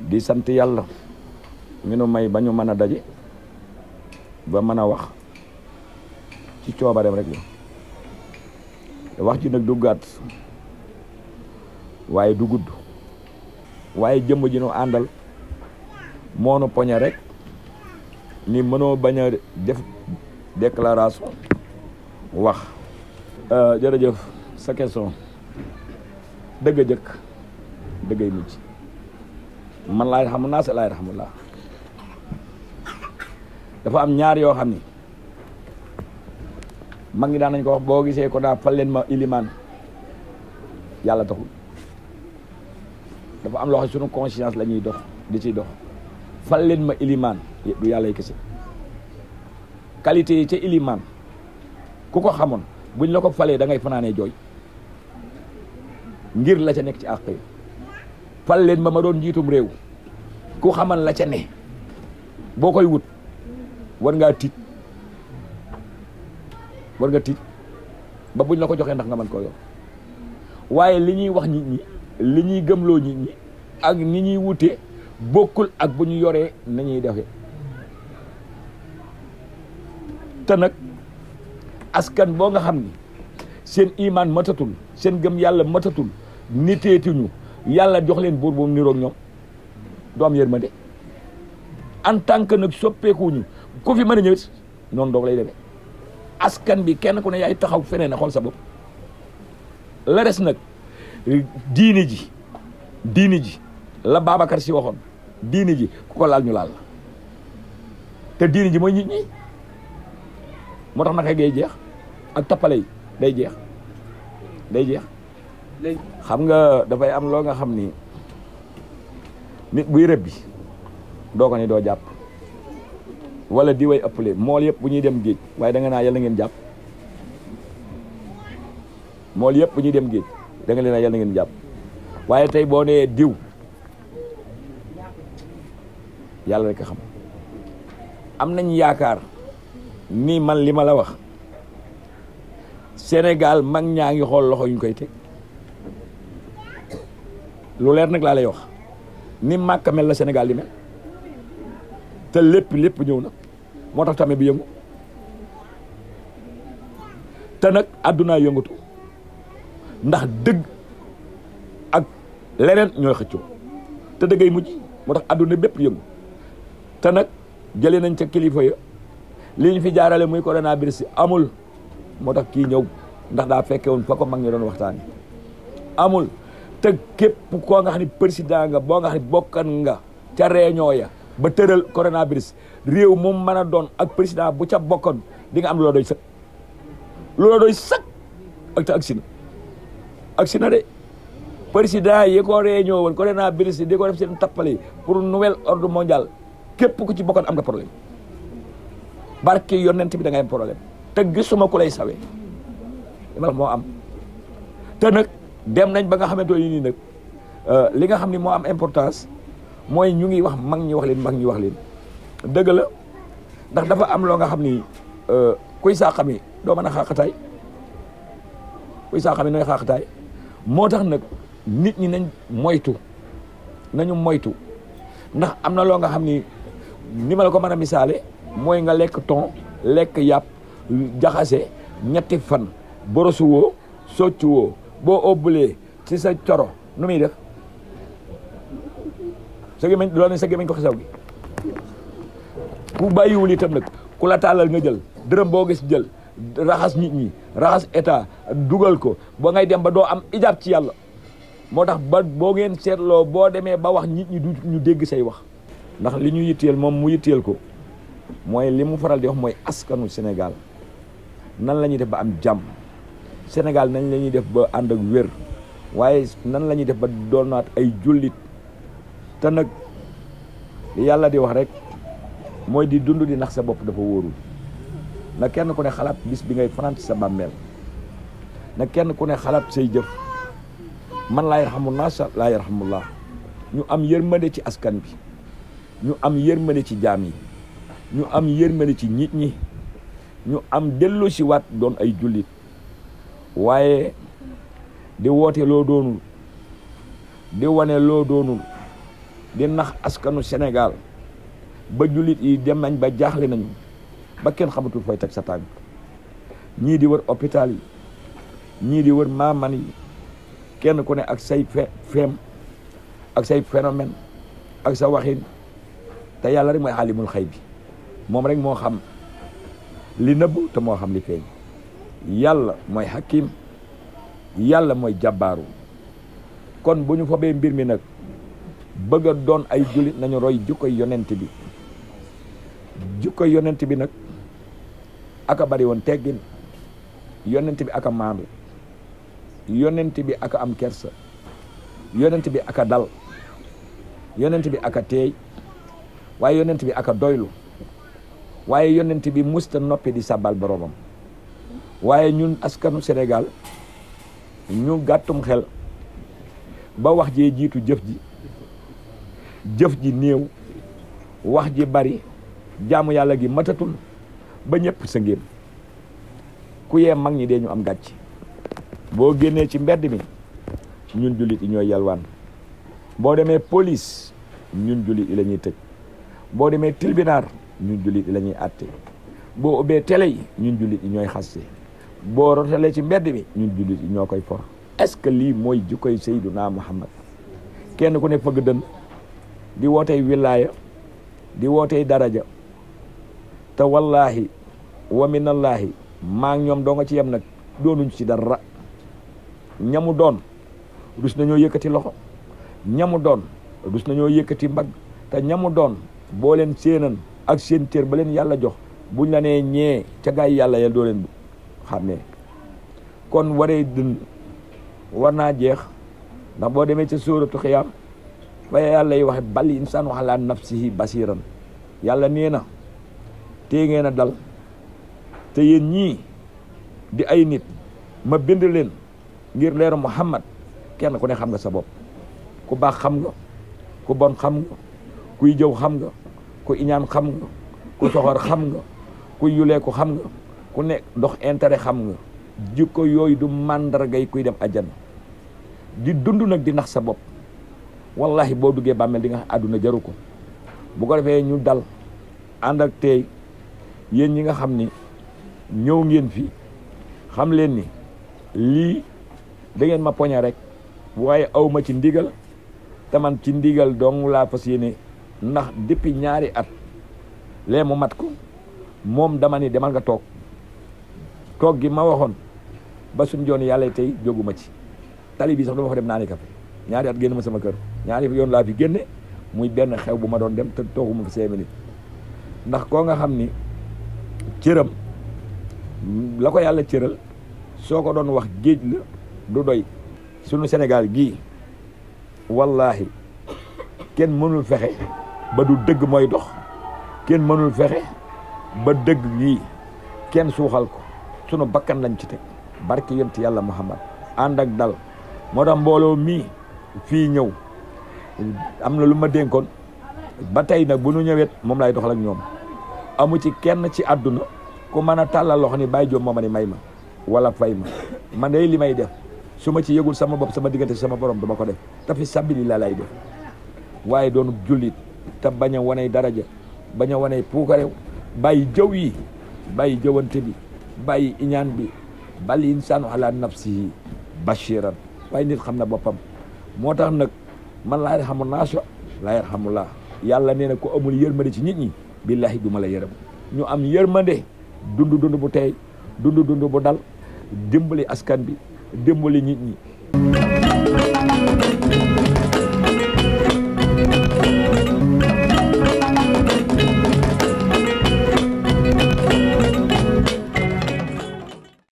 di sant yàlla mi nu may ba ñu mën a daje ba mën a wax ci coobareem rek la wax ci nag du gàtt waaye du gudd waaye jëm ji nu àndal moo nu poñe rek ni mënoo bañ a def déclaration wax euh, jërëjëf sa question dëgg a jëkk dëggay mujj man laay xam naa sa laay raxamulaa dafa am ñaar yoo xam ni mag ñi daan nañ ko wax boo gisee ko naa fal leen ma ilimaan yàlla taxul dafa am loo xam sunu conscience la ñuy dox di ciy dox fal leen ma ilimaan du yàlla yi kese yi ca ilimaan ku ko xamoon buñ la ko falee da ngay fanaanee jooy ngir la ca nekk ci àq yi fal leen ma ma doon njiitum réew ku xaman la ca ne boo koy wut war ngaa tiit war nga tiit ba buñ la ko joxee ndax nga mën koo yor waaye li ñuy wax nit ñi li ñuy gëmloo nit ñi ak ni ñuy wute bokkul ak bu ñu yoree nañuy defee te nag askan boo nga xam ni seen imaan matatul seen gëm yàlla matatul niteetuñu yàlla jox leen buur bu mu niroog ñoom doom am yërmande en tant que nag soppeekuñu ku fi mën a ñëwit noonu doog lay demee askan bi kenn ku ne yaay taxaw feneen a xool sa bopp la res nag diini ji diini ji la Babacar si waxoon diini ji ku ko laal ñu laal la te diini ji mooy nit moo tax naka gay jeex ak tappale yi day jeex day jeex xam nga dafay am loo nga xam ni nit buy rëbbi doo ko doo jàpp wala di way ëppale mool yëpp bu ñuy dem géej waaye da nga naa yàlla ngeen jàpp mool yëpp bu ñuy dem géej da leen naa ngeen jàpp waaye tey boo nee diw yàlla rek a xam am nañ yaakaar ni man li ma la wax Sénégal mag ñaa ngi xool loxo yuñ koy teg lu leer nag laa lay wax ni Màkka mel la Sénégal di mel te lépp lépp ñëw na moo tax tamit bi yëngu te nag àddunaa yëngatu ndax dëgg ak leneen ñooy xëccoo te dëggay mujj moo tax àdduna bépp yëngu te nag jële nañ ca kilifa ya li ñu fi jaarale muy coronavirus amul moo tax kii ñëw ndax daa fekke woon fa ko mag ñu doon waxtaan amul te képp koo nga ni ne président nga boo nga xam bokkan nga ca réunion ya ba tëral coronavirus réew moom mën a doon ak président bu ca bokkoon di nga am loo doy sëkk loo doy sëkk ak te agsi na agsi na de président yi ko réunion woon coronavirus di ko def seen tappale pour nouvelle ordre mondial képp ku ci bokkoon am na problème barke yonent bi da ngay am problème te gisuma ku lay sawee dama moo am te nag dem nañ ba nga xamante ne nii nag euh, li nga xam ni moo am importance mooy ñu ngi wax mag ñi wax leen mag ñi wax leen dëgg la ndax dafa am loo nga xam ni euh, kuy saa xami doo mën a xaaxataay kuy saa xami nooy xaaxataay moo tax nag nit ñi nañ moytu nañu moytu ndax am na loo nga xam ni ni ma la ko mën a misaale mooy nga lekk ton lekk yàpp jaxase ñetti fan borosu woo soccu boo obbulee ci sa coro nu muy def sa gémmiñ loolu ne sa gémmiñ ko xesaw gi ku bàyyiwul itam nag ku la tàllal nga jël dërëm boo gis jël raxas nit ñi raxas état dugal ko ba ngay dem ba doo am ijaab ci yàlla moo tax ba boo ngeen seetloo boo demee ba wax nit ñi du ñu dégg say wax ndax li ñu yitteel moom mu yitteel ko mooy li mu faral di wax mooy askanu Sénégal nan lañuy def ba jàmm Sénégal nan la def ba ànd ak wér waaye nan la ñuy def ba doonaat ay jullit te nag yàlla di wax rek mooy di dund di nax sa bopp dafa wóorul na kenn ku ne xalaat bis bi ngay fanaan sa bàmmeel na kenn ku ne xalaat say jëf man laa yarxamu naasa laa yarxamullah ñu am yërmande ci askan bi ñu am yërmande ci jaam yi ñu am yërmande ci nit ñi ñu am dellu si waat doon ay jullit waaye di woote loo doonul di wane loo doonul di nax askanu senegal ba jullit yi dem nañ ba jaaxle nañu ba kenn xamatul fooy teg sa tànk ñii di wër hôpital yi ñii di wër maaman yi kenn ku ne ak say feem ak say phénomène ak sa waxin te yàlla rek mooy xaalimul xay bi moom rek moo xam li nëbb te moo xam li feeñ yàlla mooy hakim yàlla mooy jàbbaaru kon bu ñu fobee mbir mi nag bëgg a doon ay jullit nañu roy jukkoy yonent bi jukkoy yonent bi nag aka bari woon teggin yonent bi aka maandu yonent bi aka am kersa yonent bi aka dal yonent bi aka teey waaye yonent bi aka doylu waaye yonent bi musta noppi di sàbbal boroomam waaye ñun askanu Sénégal ñu gàttum xel ba wax jee jiitu jëf ji jëf ji néew wax ji bari jaamu yàlla gi matatul ba ñëpp sa ngéem ku yee mag ñi dee ñu am gàcc boo génnee ci mbedd mi ñun jullit yi ñooy yalwaan boo demee police ñun jullit yi la ñuy tëj boo demee tribunal ñu jullit lañuy la boo ubbee télé ñu ñun jullit yi ñooy xaste boo rotalee ci mbedd mi ñu jullit ñoo koy for est-ce que lii mooy jikkoy Seydunaa Muhammad kenn ku ne fëgg dën di wootey wilaaya di wootey daraja te wallaahi wa minallaahi maa ngi ñoom doo ci yem nag doonuñ ci dara ñamu doon rus nañoo yëkkati loxo ñamu doon rus nañoo yëkkati mbag te ñamu doon boo leen séenan ak seen cër ba leen yàlla jox buñ la nee ñee ca gaay yàlla ya doo leen xàmmee kon waree dund war naa jeex ndax boo demee ca sóoratu xiyaam fa yàlla yi waxe bal insaan wax laa nafsihi basiran yàlla nee na tee ngeen dal te yéen ñii di ay nit ma bind leen ngir leeru Muhammad kenn ku ne xam nga sa bopp ku baax xam nga ku bon xam nga kuy jëw xam nga ku iñaan xam nga ku soxor xam nga ku yuleeku xam nga ku ne dox intérêt xam nga jikko yooyu du màndargay kuy dem ajan di dund nag di nax sa bopp wallahi boo duggee bàmmeel di nga àdduna jaru ko bu ko defee ñu dal ànd ak tey yéen ñi nga xam ni ñëw ngeen fii xam leen ni lii da ngeen ma poñe rek waaye awma ci ndigal te ci ndigal dong laa fas yéene ndax depuis ñaari at lee mu mat ko moom dama ni demal nga toog toog gi ma waxoon ba suñ joon yàlla tey jóguma ci tali bi sax dama fa dem naani café ñaari at génn ma sama kër ñaari yoon laa fi génne muy benn xew bu ma doon dem te tooguma fi cinq minutes ndax koo nga xam ni cëram la ko yàlla cëral soo ko doon wax géej la du doy sunu Sénégal gii wallaahi kenn mënul fexe ba du dëgg mooy dox kenn mënul fexe ba dëgg yii kenn suuxal ko sunu bakkan lañ ci teg barke yonent yàlla muhammad ànd ak dal moo tax mbooloo mii fii ñëw am na lu ma dénkoon ba tey nag bu nu ñëwet moom laay dox ak ñoom amu ci kenn ci àdduna ku mën a tàllal loxo ni bàyyi jóob moo ni may ma wala fay ma man day li may def su ma ci yegul sama bopp sama diggante sama borom duma ko def tafi sabili la lay def waaye doonu jullit te bañ a waney daraja bañ a waney puukarew bàyyi jëw yi bàyyi jëwante bi bàyyi iñaan bi bal insaanu ala nafsihi bashiran waaye nit xam na boppam moo tax nag man laa yarhamu naasu laa yarhamullah yàlla nee na ko amul yërmande ci nit ñi billahi du ma yërëm ñu am yërmande dund dund bu tey dund dund bu dal dimbali askan bi dimbali nit ñi